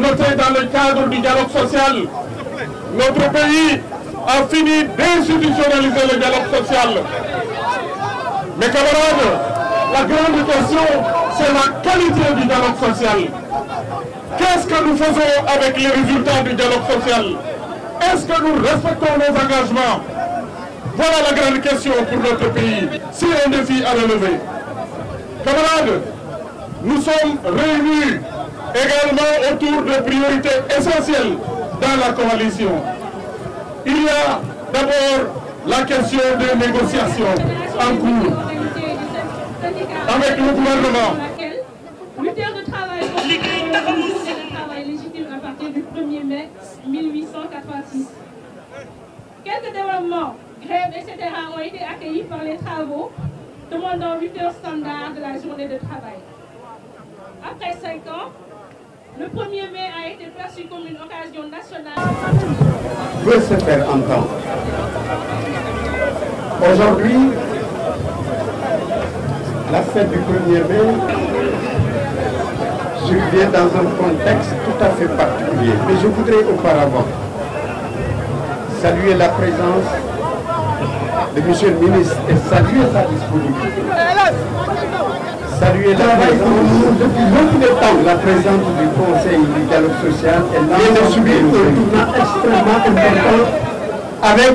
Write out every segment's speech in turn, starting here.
noté dans le cadre du dialogue social. Notre pays a fini d'institutionnaliser le dialogue social. Mais camarades, la grande question, c'est la qualité du dialogue social. Qu'est-ce que nous faisons avec les résultats du dialogue social Est-ce que nous respectons nos engagements Voilà la grande question pour notre pays. C'est un défi à relever. Camarades, nous sommes réunis également autour de priorités essentielles dans la coalition. Il y a d'abord la question des négociations en cours avec le gouvernement. heures de travail, de travail légitime à partir du 1er mai 1886. Quelques développements, grèves, etc. ont été accueillis par les travaux, demandant 8 heures standard de la journée de travail. Après 5 ans, le 1er mai a été placé comme une occasion nationale. Veut se faire entendre. Aujourd'hui, la fête du 1er mai survient dans un contexte tout à fait particulier. Mais je voudrais auparavant saluer la présence de M. le ministre et saluer sa disponibilité la depuis beaucoup de temps, la présence du Conseil du dialogue social est de subir un tournant extrêmement important avec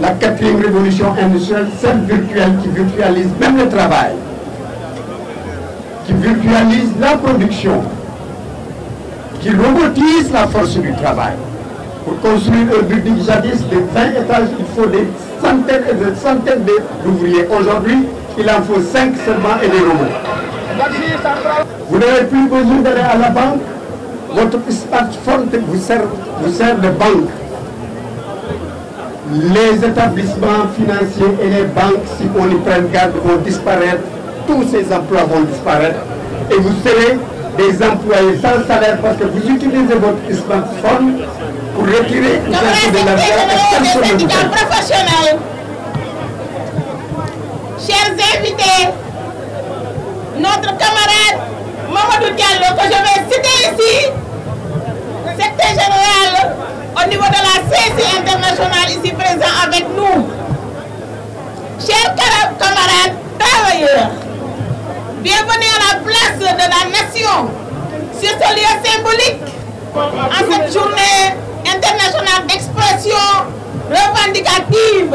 la quatrième révolution industrielle, celle virtuelle qui virtualise même le travail, qui virtualise la production, qui robotise la force du travail. Pour construire un building jadis de 20 étages, il faut des centaines et des centaines d'ouvriers. Aujourd'hui, il en faut 5 seulement et les robots. Vous n'avez plus besoin d'aller à la banque, votre smartphone vous sert, vous sert de banque. Les établissements financiers et les banques, si on y prend garde, vont disparaître. Tous ces emplois vont disparaître. Et vous serez des employés sans salaire parce que vous utilisez votre smartphone pour retirer de l'argent chers invités, notre camarade Mamadou Diallo, que je vais citer ici, secrétaire général au niveau de la CC internationale ici présent avec nous. Chers camarades travailleurs, bienvenue à la place de la nation sur ce lieu symbolique en cette journée internationale d'expression revendicative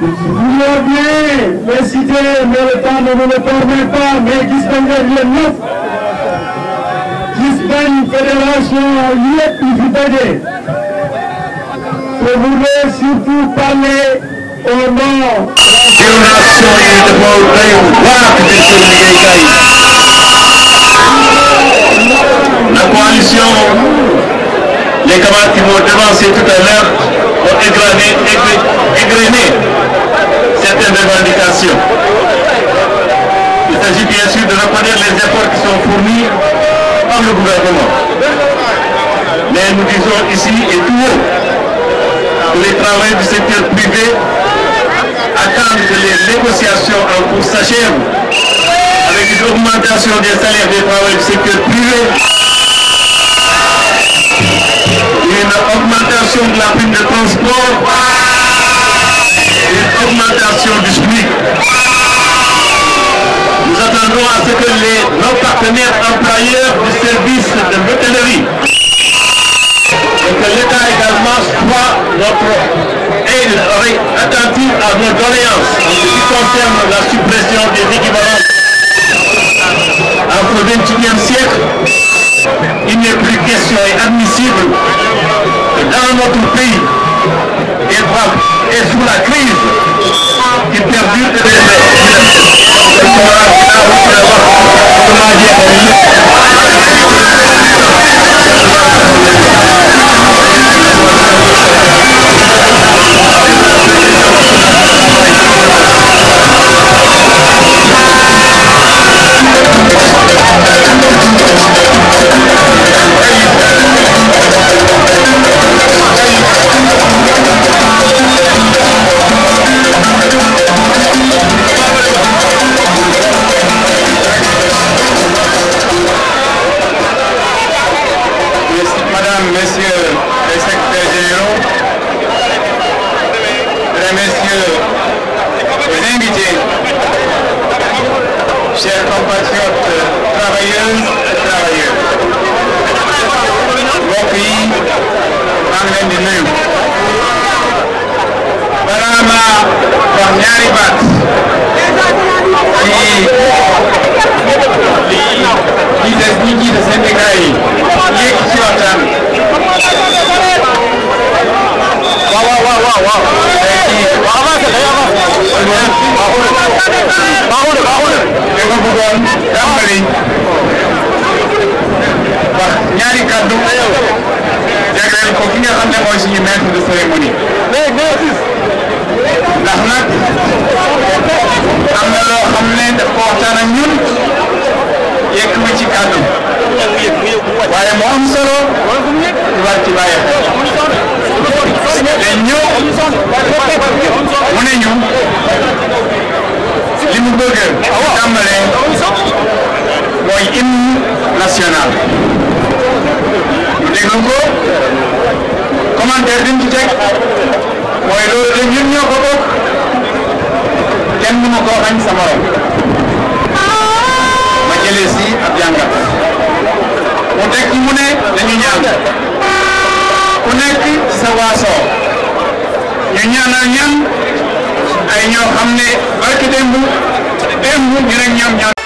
voulons bien les cités mais le temps ne nous le permet pas, mais gis nañ leen yéen ñëpp gis une fédération yëpp yi fi daje. Je voulais surtout parler au nom génération yi dafa doy waar ci seen liggéeykaay la coalition les camarades qui m'ont devancé tout à l'heure pour égrener, certaines revendications. Il s'agit bien sûr de reconnaître les efforts qui sont fournis par le gouvernement. Mais nous disons ici et tout haut que les travailleurs du secteur privé attendent que les négociations en cours s'achèvent avec une augmentation des salaires des travailleurs du secteur privé une augmentation de la prime de une augmentation du SMIC. Nous attendons à ce que les, nos partenaires employeurs du service de l'hôtellerie et que l'État également soit notre aide attentive à nos doléances en ce qui concerne la suppression des équivalents. Entre le 21e siècle, il n'est plus question et admissible et sous la crise qui perdure et ñi de syndicat yi yéeg ci waxtaan waaw waaw waaw waaw waaw avancé day avancé baaxul baaxul dama bëggoon tàmbali wax ñaari kàddu jagleel ko ki nga xam ne mooy suñu maître de cérémonie ndax nag am na loo xam ne daf ko waxtaan ak ñun yegg ma ci kàddu waaye moo am solo tubaab ci bàyyi ko te ñëw mu ne ñu li mu bëgg tàmbale mooy hymne national ñu déglu ko commentaire bi ñu ci teg mooy loolu de ñun ñoo ko bokk kenn mënu koo xañ sa morom ca ku nekk sa waasoo ñu ñaanal ñan ay ñoo xam ne barki démb démb ñu rek ñaan